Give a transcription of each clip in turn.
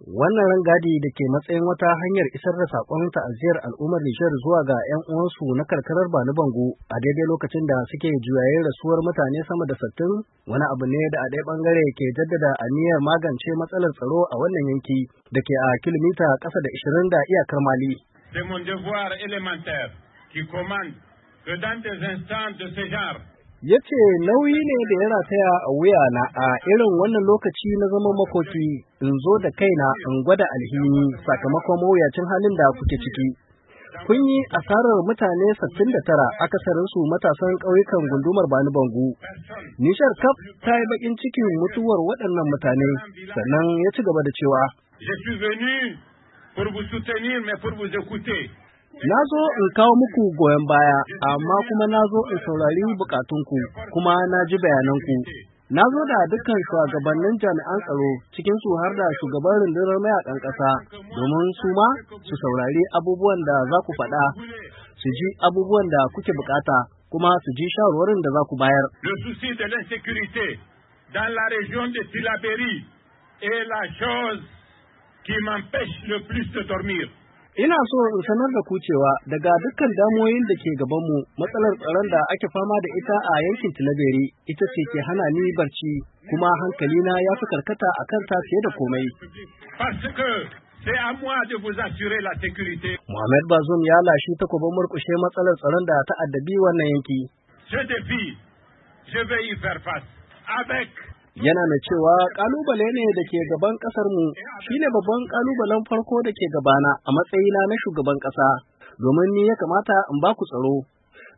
Wannan rangadi da ke matsayin wata hanyar isar da saƙon ta'aziyar al'ummar Nijar zuwa ga 'yan uwansu na karkarar Bani Bango a daidai lokacin da suke juyayen rasuwar mutane sama da sattin wani abu ne da a ɗaya ɓangare ke jaddada aniyar magance matsalar tsaro a wannan yanki da ke a kilomita ƙasa da ishirin da iyakar Mali. Demon devoir élémentaire qui commande que dans des instants de ce genre, ya ce nauyi ne da yana taya a wuya na a irin wannan lokaci na zama makoki in zo da kaina in gwada alhini sakamakon mawuyacin halin da kuke ciki kun yi asarar mutane 69 su matasan ƙauyukan gundumar bani bangu nishar kaf ta yi bakin cikin mutuwar waɗannan mutane sannan ya ci gaba da cewa Je suis venu pour vous soutenir mais pour vous écouter. Na zo in kawo muku goyon baya, amma kuma na zo in saurari bukatunku kuma na ji bayananku. Na zo da dukkan shugabannin jami'an tsaro cikin su har da shugaban rundunar mayakan ƙasa domin su ma su saurari abubuwan da za ku faɗa, su ji abubuwan da kuke bukata kuma su ji shawarwarin da za ku bayar. Le souci qui m'empêche le plus de dormir. Ina so in sanar da ku cewa daga dukkan damoyin da ke gabanmu matsalar tsaron da ake fama da ita a yankin Tilaberi ita ce ke hana ni barci kuma hankalina ya fi karkata a kan ta fiye da komai. sai an Bazoum ya lashi takobin murkushe matsalar tsaron da ta addabi wannan yanki. Je je vais y faire face avec yana na cewa kalubale ne da ke gaban kasar mu shine babban kalubalen farko da ke gabana a matsayina na shugaban kasa domin ni ya kamata in ba ku tsaro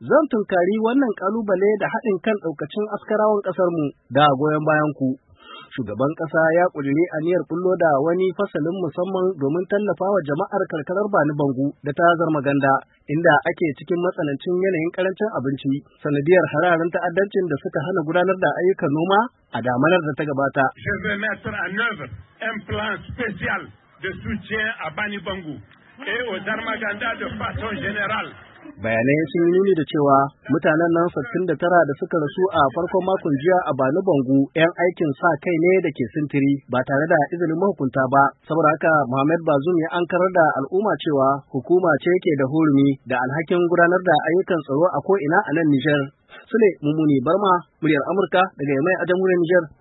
zan tunkari wannan kalubale da haɗin kan ɗaukacin askarawan kasar mu da goyon bayan ku shugaban ƙasa ya ƙudiri niyyar kullo da wani fasalin musamman domin wa jama'ar karkarar Bani Bangu da ta Zarmaganda inda ake cikin matsanancin yanayin karancin abinci sanadiyar hararin ta'addancin da suka hana gudanar da ayyukan noma a damanar da ta gabata. de soutien à Bani Bangu de façon générale bayanai sun yi nuni da cewa mutanen nan 69 da suka rasu a farkon makon jiya a bani bangu 'yan aikin sa kai ne da ke sintiri ba tare da izinin mahukunta ba saboda haka muhammad bazum ya ankarar da al'umma cewa hukuma ce ke da hurumi da alhakin gudanar da ayyukan tsaro a ko'ina a nan nijar sule mummuni barma muryar amurka daga yamai a jamhuriyar nijar